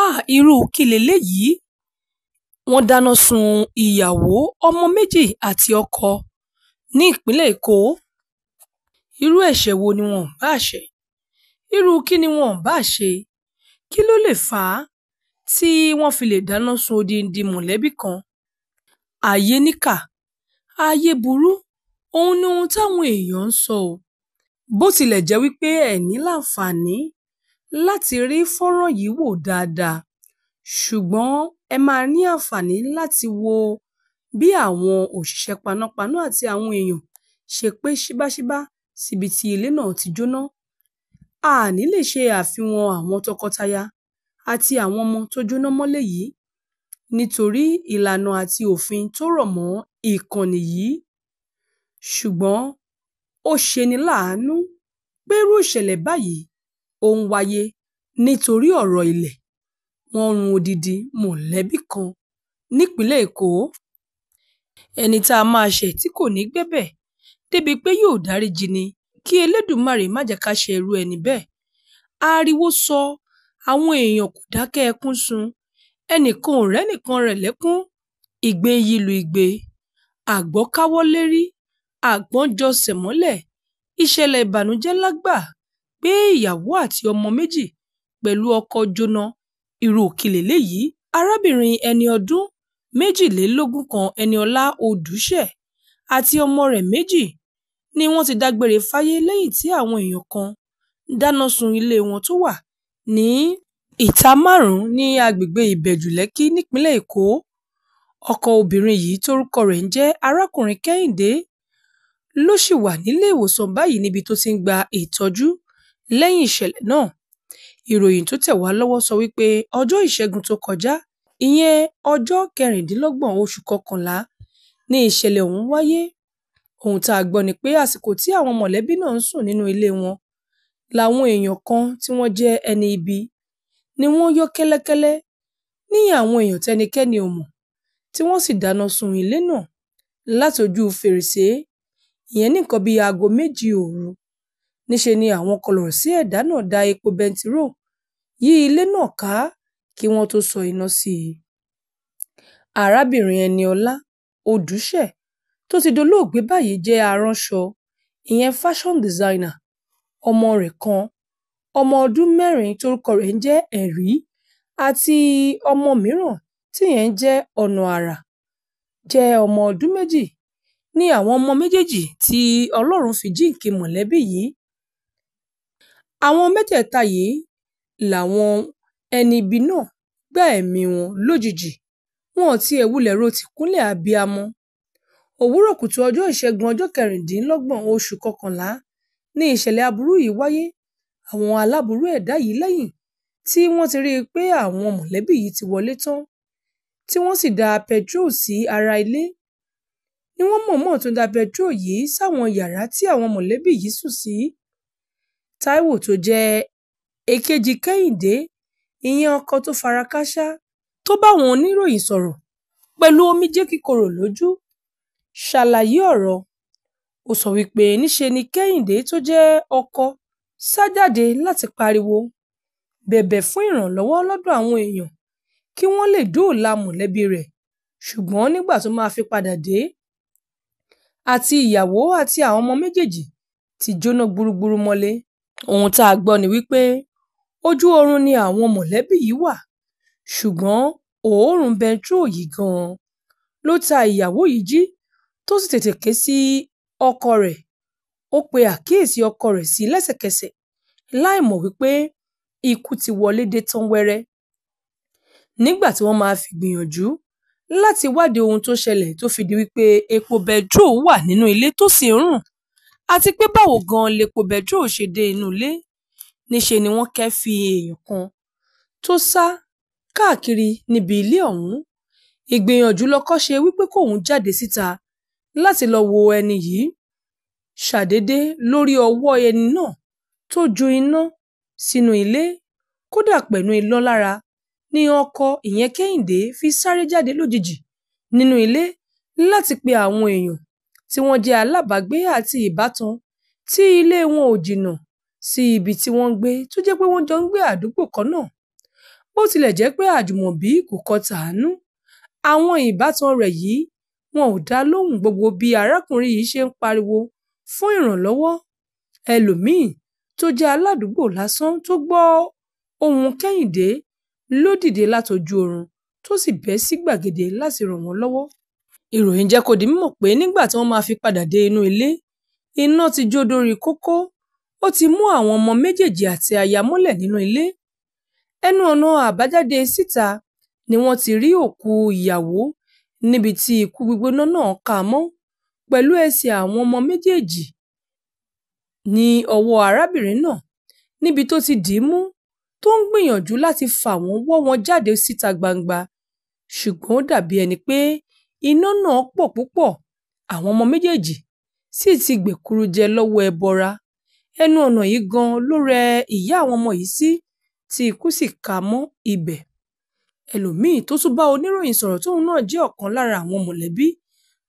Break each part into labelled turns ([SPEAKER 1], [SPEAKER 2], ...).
[SPEAKER 1] Ah irú kí leléyìí wọ́n dáná sun ìyàwó ọmọ méjì àti ọkọ ní ìpínlẹ̀ èkó irú ẹ̀ṣẹ̀ wo ni wọn bá ṣe irú kí ni wọn bá ṣe kí ló lè fà á tí wọ́n fi lè dáná sun odindi mọ̀lẹ́bí kan ayé níkà ayé burú òun ni ohun táwọn èèyàn ń sọ ọ́ bó tilẹ̀ jẹ́ wípé ẹ̀ ní láǹfààní láti rí fọ́nrán yìí wò dáadáa, ṣùgbọ́n ẹ máa ní àǹfààní láti wo bí àwọn òṣìṣẹ́ panápaná àti àwọn èèyàn ṣe pé ṣíbáṣíbá síbi tí ilé náà ti jóná. A ní lè ṣe àfihàn àwọn tọkọtaya àti àwọn ọmọ tó jóná mọ́lé yìí nítorí ìlànà àti òfin tó rọ̀ mọ́ ìkànnì yìí. Ṣùgbọ́n ó ṣeni láàánú pé irú ìṣẹ̀lẹ̀ báyìí Ó ń wáyé nítorí ọ̀rọ̀ ilẹ̀. Wọ́n run odidi mọ̀lẹ́bí kan nípínlẹ̀ Èkó. Ẹni tá a máa ṣẹ̀ tí kò ní gbébẹ̀ débìí pé yóò dáríji ni kí Elédùmarè má jẹ̀ ká ṣe irú ẹni bẹ́ẹ̀. Ariwo sọ, àwọn èèyàn kò dákẹ́ ẹkún sun. Ẹnìkan ò rẹ́nìkan rẹ̀ lẹ́kún. Igbe ń yilu igbe. Àgbọ́ káwọ́ lérí, àgbọ́n jọsẹ̀ mọ́lẹ̀. Ìṣẹ̀lẹ̀ ìbànújẹ́ ńlá gbé ìyàwó àti ọmọ méjì pẹ̀lú ọkọ̀ jóná irú kí leléyìí arábìnrin ẹni ọdún méjìlélógún kan eniola odúṣe àti ọmọ rẹ̀ méjì ni wọ́n ti dágbére fáyé lẹ́yìn tí àwọn èèyàn kan dáná sun ilé wọn tó wà ní ìta-márùn-ún ní agbègbè ìbẹ̀jú lẹ́kì nípínlẹ̀ èkó ọkọ obìnrin yìí tórúkọ rẹ̀ ń jẹ́ arákùnrin kẹ́hìndé ló ṣì wà níléèwòsàn báyìí níbi tó ti ń gba ìtọ́jú Lẹ́yìn ìṣẹ̀lẹ̀ náà, ìròyìn tó tẹ̀ wá lọ́wọ́ sọ wípé ọjọ́ Ìṣẹ́gun tó kọjá, ìyẹn ọjọ́ 26 oṣù Kọkànlá, ni ìṣẹ̀lẹ̀ ọ̀hún wáyé. Ohun tá a gbọ́ ni pé àsìkò tí àwọn mọ̀lẹ́bí náà ń sùn nínú ilé wọn làwọn èèyàn kan tí wọ́n jẹ́ ẹni ibi ni wọ́n yọ́ kẹ́lẹ́kẹ́lẹ́ ní àwọn èèyàn tẹ́nikẹ́ni ò mọ̀ tí wọ́n sì dáná sun ilé náà láti ojú fèrèsé, ìyẹn ní nǹkan bíi aago méjì òru. Níṣe ni àwọn kọlọ̀rọ̀ sí ẹ̀dá náà da epo bẹntiróò yí ilé náà ká kí wọ́n tó sọ iná sí i. Arábìnrin Eniola Odùṣe tó ti dolóògbé báyìí jẹ́ aránṣọ, ìyẹn fashion designer. Ọmọ rẹ̀ kan, ọmọ ọdún mẹ́rin tórúkọ rẹ̀ ń jẹ́ Erí àti ọmọ mìíràn tíyẹn ń jẹ́ Onaora jẹ́ ọmọ ọdún méjì, ni àwọn ọmọ méjèèjì tí Ọlọ́run fi jíǹkí mọ̀lẹ́bí yìí àwọn mẹ́tẹ̀ẹ̀ta yìí làwọn ẹni ibi náà gba ẹ̀mí wọn lójijì wọn ò tiẹ̀ wulẹ̀ ro tìkúnlẹ̀ abiyamọ òwúrọ̀ kùtù ọjọ́ ìṣẹ́gun ọjọ́ kẹrìndínlọ́gbọ̀n oṣù kọkànlá ni ìṣẹ̀lẹ̀ aburú yìí wáyé àwọn aláburú ẹ̀dá yìí lẹ́yìn tí wọ́n ti rí i pé àwọn mọ̀lẹ́bí yìí ti wọlé tán tí wọ́n sì da petrol sí ara ilé ni wọ́n mọ̀ọ́mọ̀ tún da petrol yìí sáwọn yàrá tí àwọn mọ̀lẹ́bí yìí sùn sí Táíwò tó jẹ́ èkejì Kẹ́hìndé, ìyẹn ọkọ tó fara kááṣá tó báwọn oníròyìn sọ̀rọ̀ pẹ̀lú omijé kíkorò lójú, ṣàlàyé ọ̀rọ̀. Ó sọ wípé níṣe ni Kẹ́hìndé tó jẹ́ ọkọ sá jáde láti pariwo, bẹ̀bẹ̀ fún ìrànlọ́wọ́ lọ́dọ̀ àwọn èèyàn kí wọ́n lè dóòlà mọ̀lẹ́bí rẹ̀ ṣùgbọ́n nígbà tó máa fi padà dé, àti ìyàwó àti àwọn ọmọ méjèèjì ti jóná gburugburu mọ́lé ohun tá a gbọ́ ni wípé ojú oorun ni àwọn mọ̀lẹ́bí yìí wà ṣùgbọ́n òórùn bẹntiróò yìí gan-an ló ta ìyàwó yìí jí tó sì tètè ké sí ọkọ rẹ̀ ó pe àkíyèsí ọkọ rẹ̀ sí lẹ́sẹ̀kẹsẹ̀ láì wípé ikú ti wọlé dé tán wẹ́rẹ́ nígbà tí wọ́n máa fi gbìyànjú láti wádìí ohun tó ṣẹlẹ̀ tó fi di wípé epo bẹntiróò wà nínú ilé tó sì ń rùn àti pé báwo gan-an lepo bẹtiró ṣe dé inú ilé níṣẹ́ ni wọ́n kẹ́ẹ́fì èèyàn kan tó sá káàkiri níbi ilé ọ̀hún ìgbìyànjú lọkọ ṣe wípé kóun jáde síta láti lọ́ọ́ wo ẹni yìí ṣàdédé lórí ọwọ́ ẹni náà tó ju iná sínú ilé kódà pẹ̀lú iná lára ni ọkọ ìyẹn kẹ́hìndé fi sáré jáde lójijì nínú ilé láti pe àwọn èèyàn tí wọ́n jẹ́ alábàágbé àti ìbátan tí ilé wọn ò jìnnà sí ibi tí wọ́n ń gbé tó jẹ́ pé wọ́n jọ ń gbé àdúgbò kan náà. Bó tilẹ̀ jẹ́ pé Àjùmọ̀bí kò kọ tàánú, àwọn ìbátan rẹ̀ yìí wọn ò dá lóhùn gbogbo bí arákùnrin yìí ṣe ń pariwo fún ìrànlọ́wọ́. Ẹlòmíì tó jẹ́ aládùúgbò lásán tó gbọ́ ohùn Kẹ́hìndé ló dìde látojú oorun tó sì bẹ́ sí gbàgede láti ràn wọ́n lọ́wọ́ ìròyìn jẹ́ kó di mímọ̀ pé nígbà tí wọ́n máa fi padà dé inú ilé iná ti jó dórí kókó ó ti mú àwọn ọmọ méjèèjì àti aya mọ́lẹ̀ nínú ilé ẹnu ọ̀nà àbájáde síta ni wọ́n ti rí òkú ìyàwó níbi tí ikú gbígbóná náà kà á mọ́ pẹ̀lú ẹsẹ̀ àwọn ọmọ méjèèjì ní ọwọ́ arábìnrin náà níbi tó ti dì í mú tó ń gbìyànjú láti fà wọ́n wọ́ wọn jáde síta gbangba ṣùgbọ́n ó dàbí ẹni pé iná náà pọ̀ púpọ̀ àwọn ọmọ méjèèjì sì ti gbèkuru jẹ lọ́wọ́ ẹbọra ẹnu ọ̀nà yìí gan-an ló rẹ ìyá àwọn ọmọ yìí sí tí ikú sì ká mọ́ ibẹ̀ ẹlòmíì tó tún bá oníròyìn sọ̀rọ̀ tóun náà jẹ́ ọ̀kan lára àwọn mọ̀lẹ́bí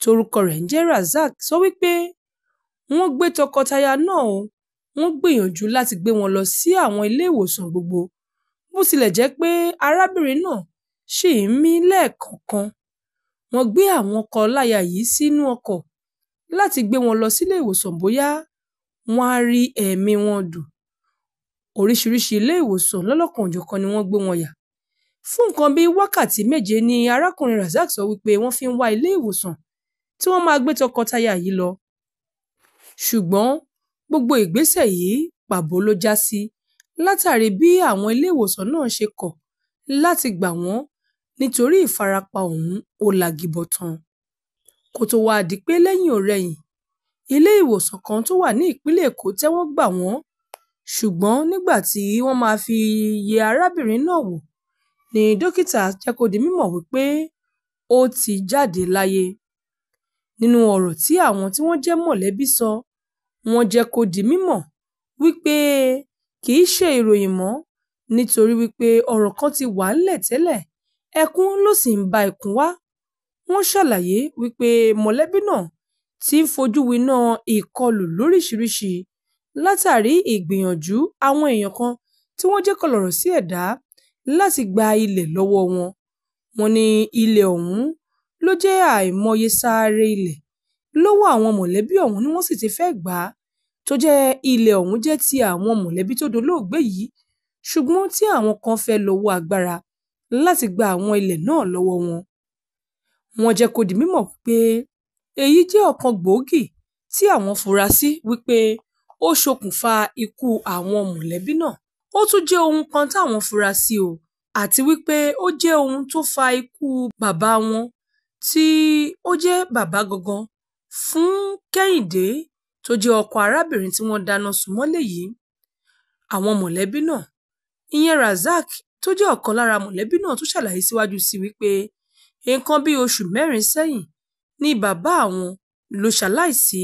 [SPEAKER 1] torúkọ rẹ̀ ń jẹ́ Razak sọ wípé wọ́n gbé tọkọtaya náà o wọ́n gbìyànjú láti gbé wọn lọ sí àwọn ilé ìwòsàn gbogbo bó tilẹ̀ jẹ́ pé arábìnrin náà ṣì ń mí lẹ́ẹ̀kọ̀ọ̀kan Wọ́n gbé àwọn ọkọláya yìí sínú ọkọ̀ láti gbé wọn lọ sílé ìwòsàn bóyá wọ́n á rí ẹ̀mí wọn lò. Oríṣiríṣi ilé ìwòsàn lọ́lọ́kan-ò-jọ̀kan ni wọ́n gbé wọn yà. Fún nǹkan bíi wákàtí méje ni arákùnrin Razak sọ wípé wọ́n fi ń wá ilé ìwòsàn tí wọ́n máa gbé tọkọtaya yìí lọ. Ṣùgbọ́n gbogbo ìgbésẹ̀ yìí pàbó ló já sí látàrí bí àwọn ilé ìwòsàn náà ṣe kọ̀ láti gbà wọ́n nítorí ìfarapa ọ̀hún ó lagibọ̀tàn kó tóó wáá di pé lẹ́yìn-ọ̀-rẹyìn ilé-ìwòsàn kan tó wà ní ìpínlẹ̀ èkó tẹ́wọ́ gbà wọ́n ṣùgbọ́n nígbà tí wọ́n máa fi yẹ arábìnrin náà wò ní dókítà jẹ́ kó di mímọ̀ wípé ó ti jáde láyé nínú ọ̀rọ̀ tí àwọn tí wọ́n jẹ́ mọ̀lẹ́bí sọ wọ́n jẹ́ kó di mímọ̀ wípé kì ṣe ìròyìn mọ́ nítorí wípé ọ̀rọ̀ kan ti wà ńlẹ̀ tẹ́lẹ̀ ẹkún ló sì ń ba ẹkún wá wọ́n ṣàlàyé wípé mọ̀lẹ́bí náà ti ń fojú winá ìkọlù lóríṣiríṣi látàrí ìgbìyànjú àwọn èèyàn kan tí wọ́n jẹ́ kọlọ̀rọ̀ sí ẹ̀dá láti gba ilẹ̀ lọ́wọ́ wọn. Wọ́n ní ilẹ̀ ọ̀hún ló jẹ́ àìmọye sááré ilẹ̀ lọ́wọ́ àwọn mọ̀lẹ́bí ọ̀hún ni wọ́n sì ti fẹ́ gbà á tó jẹ́ ilẹ̀ ọ̀hún jẹ́ ti àwọn mọ̀lẹ́bí tó dolóògbé yìí ṣùgbọ́n tí àwọn kan fẹ́ lọ́wọ́ agbára láti gba àwọn ilẹ̀ náà lọ́wọ́ wọn. Wọ́n jẹ́ kó di mímọ̀ wípé èyí jẹ́ ọ̀kan gbòógì tí àwọn fura sí wípé ó ṣokùnfà ikú àwọn mọ̀lẹ́bí náà. Ó tún jẹ́ ohun kan táwọn fura sí o, àti wípé ó jẹ́ ohun tó fa ikú bàbá wọn tí ó jẹ́ bàbá gangan fún Kẹ́hìndé tó jẹ́ ọkọ arábìnrin tí wọ́n dáná sun mọ́lé yìí. Àwọn mọ̀lẹ́bí náà, ìyẹn Razak tó jẹ́ ọ̀kan lára mọ̀lẹ́bí náà tún ṣàlàyé síwájú sí i wípé nǹkan bíi oṣù mẹ́rin sẹ́yìn ni bàbá àwọn ló ṣaláìsí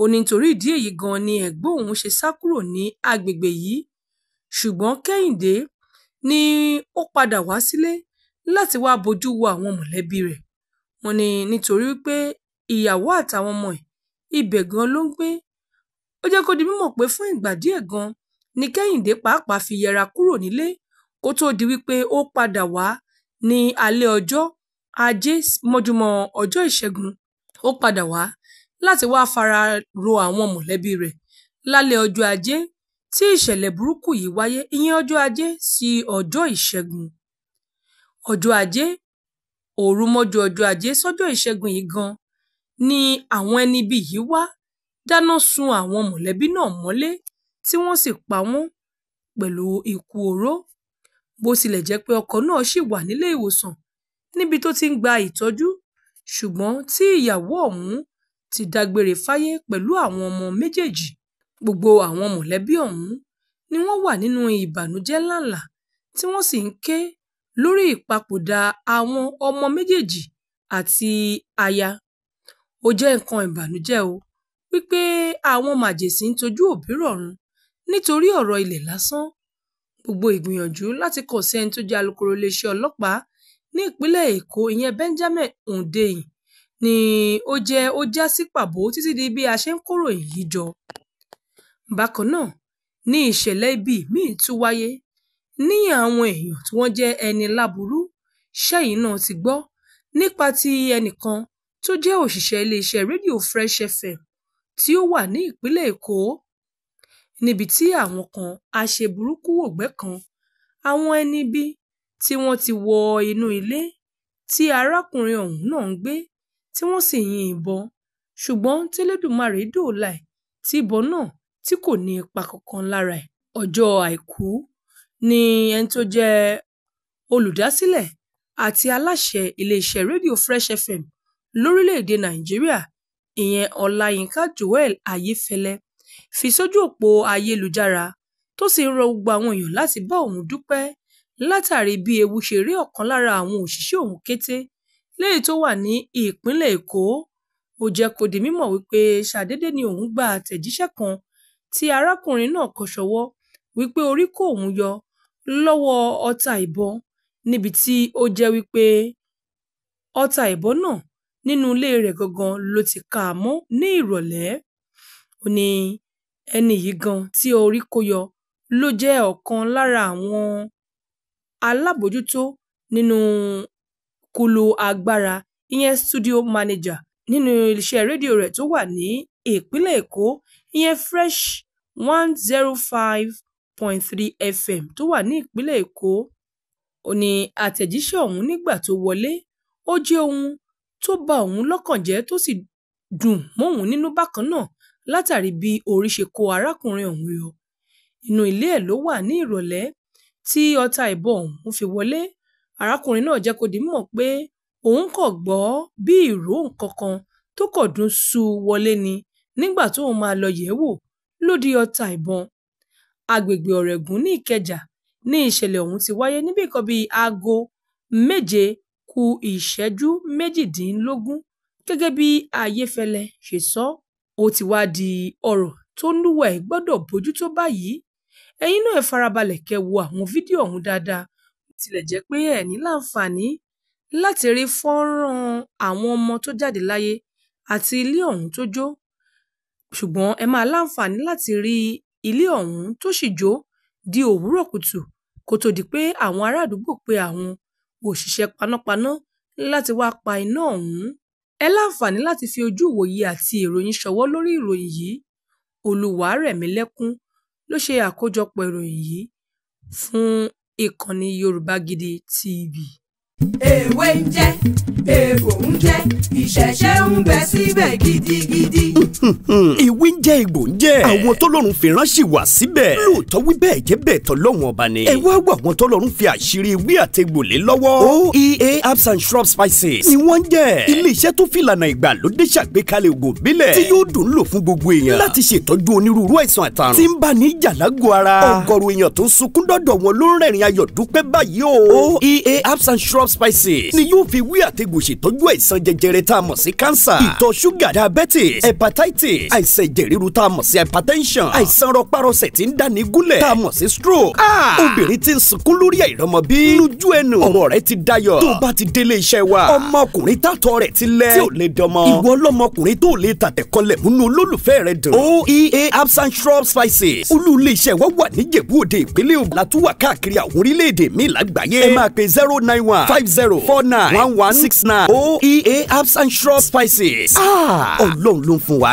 [SPEAKER 1] ó ní nítorí ìdí èyí gan-an ni ẹ̀gbọ́n òun ṣe sá kúrò ní agbègbè yìí ṣùgbọ́n kẹ́hìndé ni ó padà wá sílé láti wáá bójú wo àwọn mọ̀lẹ́bí rẹ̀ wọ́n ní nítorí pé ìyàwó àtàwọn ọmọ ẹ̀ ibẹ̀ gan ló ń gbé ó jẹ́ kó di mímọ̀ pé fún ìgbà díẹ̀ gan ni kẹ́hìndé pàápàá fi yẹra kúrò nílé kó tó di wípé ó padà wá ní alẹ́ ọjọ́ Ajé mọ́júmọ́ ọjọ́ Ìṣẹ́gun, ó padà wá láti wá fara ro àwọn mọ̀lẹ́bí rẹ̀. Lálẹ́ ọjọ́ Ajé tí ìṣẹ̀lẹ̀ burúkú yìí wáyé ìyẹn ọjọ́ Ajé sí ọjọ́ Ìṣẹ́gun. Ọjọ́ Ajé, òru mọ́jú ọjọ́ Ajé sọ́jọ́ Ìṣẹ́gun yìí gan ni àwọn ẹni ibi yìí wá dáná sun àwọn mọ̀lẹ́bí náà mọ́lé tí wọ́n sì pa wọ́n pẹ̀lú ikú oró. Bó tilẹ̀ jẹ́ pé ọkọ náà ṣì wà nílé ìwòsàn níbi tó ti ń gba ìtọ́jú, ṣùgbọ́n tí ìyàwó ọ̀hún ti dágbére fáyé pẹ̀lú àwọn ọmọ méjèèjì. Gbogbo àwọn mọ̀lẹ́bí ọ̀hún ni wọ́n wà nínú ìbànújẹ́ ńláǹlà tí wọ́n sì ń ké lórí ìpapòdà àwọn ọmọ méjèèjì àti aya. Ó jẹ́ nǹkan ìbànújẹ́ o wípé àwọn màjèsín ń tojú òbí rọ̀run nítorí ọ̀rọ̀ ilẹ̀ lásán. Gbogbo ìgbìyànjú láti kàn sí ẹni tó jẹ́ alukoro iléeṣẹ́ ọlọ́pàá ní ìpínlẹ̀ Èkó ìyẹn Benjamin Hundeyin ni ó jẹ́ ó já sí pàbó títí di bí a ṣe ń kó ìròyìn yìí jọ. Bákan náà ni ìṣẹ̀lẹ̀ ibi míì tún wáyé ní àwọn èèyàn tí wọ́n jẹ́ ẹni láburú ṣẹ́yìn náà ti gbọ́ nípa ti ẹnìkan tó jẹ́ òṣìṣẹ́ iléeṣẹ́ rédíò Fresh FM tí ó wà ní ìpínlẹ̀ Èkó níbi tí àwọn kan aṣeburúkúwògbé kan àwọn ẹni ibi tí wọ́n ti wọ inú ilé tí arákùnrin ọ̀hún náà ń gbé tí wọ́n sì yin ìbọn ṣùgbọ́n tẹlẹ́dùmarè dóòlà ẹ̀ tí ìbọn náà tí kò ní ipa kankan lára ẹ̀. ọjọ́ àìkú ni ẹni tó jẹ́ olùdásílẹ̀ àti aláṣẹ iléeṣẹ́ rédíò fresh fm lórílẹ̀‐èdè nàíjíríà ìyẹn ọláyinka joel ayéfẹ́lẹ́ fi sójú òpó ayélujára tó sì ń rọ gbogbo àwọn èèyàn láti bá òun dúpẹ́ látàrí bí ewu ṣe rí ọ̀kan lára àwọn òṣìṣẹ́ òun kété léyìí tó wà ní ìpínlẹ̀ Èkó, ó jẹ́ kó di mímọ̀ wípé ṣàdédé ni òun gba àtẹ̀jíṣẹ́ kan tí arákùnrin náà kọ sọ́wọ́ wípé orí kó òun yọ lọ́wọ́ ọta ìbọn níbi tí ó jẹ́ wípé ọta ìbọn náà nínú ilé rẹ̀ gangan ló ti kà á mọ́ ní ìrọ̀lẹ́. Ó ní Ẹni yìí gan-an tí orí kó yọ ló jẹ́ ọ̀kan lára àwọn alábòójútó nínú kùlù agbára ìyẹn Studio Manager nínú iléeṣẹ́ rédíò rẹ̀ tó wà ní ìpínlẹ̀ Èkó ìyẹn Fresh 105.3 FM tó wà ní ìpínlẹ̀ Èkó. Ó ní àtẹ̀jíṣẹ́ òun nígbà tó wọlé, ó jẹ́ ohun tó ba òun lọ́kàn jẹ́ tó sì dùn mọ́òun nínú bákan náà látàrí bí orí ṣe kó arákùnrin ọ̀hún yọ inú ilé ẹ̀ ló wà ní ìrọ̀lẹ́ tí ọta ìbọn ọ̀hún fi wọlé arákùnrin náà jẹ́ kó di mímọ̀ pé òun kò gbọ́ bí ìró nǹkan tó kọ̀ dún su wọlé ni nígbà tóun máa lọ yẹ̀ wò ló di ọta ìbọn agbègbè ọ̀rẹ́gun ní ìkẹjà ní ìṣẹ̀lẹ̀ ọ̀hún ti wáyé níbi nǹkan bíi aago méje ku ìṣẹ́jú méjìdínlógún gẹ́gẹ́ bí ayéfẹ́lẹ́ ṣe sọ ó ti wá di ọ̀rọ̀ tó lúwẹ̀ gbọ́dọ̀ bójútó báyìí ẹ̀yin náà ẹ farabalẹ̀ kẹ́ wo àwọn fídíò ọ̀hún dáadáa tilẹ̀ jẹ́ pé ẹ ní láǹfààní láti rí fọ́nrán àwọn ọmọ tó jáde láyé àti ilé ọ̀hún tó jó ṣùgbọ́n ẹ máa láǹfààní láti rí ilé ọ̀hún tó sì jó di òwúrọ̀ kùtù kó tó di pé àwọn ará àdúgbò pe àwọn òṣìṣẹ́ panápaná láti wá pa iná ọ̀hún Ẹ láǹfààní láti fi ojú ìwòye àti èrò yín ṣọwọ́ lórí ìròyìn yìí. Olúwarẹ̀mílẹ́kún ló ṣe àkójọpọ̀ ìròyìn yìí fún ìkànnì Yorùbá Gidi TV. Èwe ń jẹ, egbò ń jẹ, ìṣẹ̀ṣẹ̀ ń bẹ síbẹ̀ gidigidi
[SPEAKER 2] ìwé ń jẹ́ egbò ń jẹ́. àwọn tọ́lọ́run fi ránṣì wá síbẹ̀. lóòótọ́ wí bẹ́ẹ̀ jẹ́ bẹ́ẹ̀ tọ́lọ́run ọba ni. ẹ wá wá àwọn tọ́lọ́run fi àṣírí ewé àtẹgbòlé lọ́wọ́. oea herbs and shrub spices ni wọ́n jẹ́. iléeṣẹ́ tó fìlànà ìgbàlódé ṣàgbékalẹ̀ ògùn bílẹ̀. tí yóò dùn lò fún gbogbo èèyàn. láti ṣètọ́jú onírúurú àìsàn àtàrùn. tí ń bá ní jàlágò ara. ọgọ́rùn èèyàn tó ń sunkún dọ̀dọ̀ wọn ló ń rẹ̀rìn ayọ̀ dúpẹ́ báyìí o. oea herbs and shrub spices ni yóò fi ewé àtẹgbò àìsàn jẹjẹrẹ tá a mọ̀ sí arthritis àìsàn ẹ̀jẹ̀ ríru tá a mọ̀ sí hypertension àìsàn rọpárọsẹ̀ tí ń dáni gúnlẹ̀ tá a mọ̀ sí stroke ah! obìnrin tí ń sunkún lórí àìrọ́mọbí lójú ẹnu ọ̀rọ̀ rẹ̀ ti dayọ̀ tó bá ti délé iṣẹ́ wa ọmọkùnrin tàtọ̀ rẹ̀ ti lẹ̀ tí ò lè dọmọ ìwọ ọlọ́mọkùnrin tó lè tàtẹ̀ kọlẹ̀ múnú olólùfẹ́ rẹ̀ dùn oea absan shrub spices olú iléeṣẹ́ wa wà ní jẹ̀bú òde ìpínlẹ̀ ògùn látúwà káàkiri àwọn orílẹ̀-èdè míì lágbàáyé ẹ máa pe zero nine one five zero four nine one one six nine oea absan shrub spices ah! ọlọ́run ló ń fún wa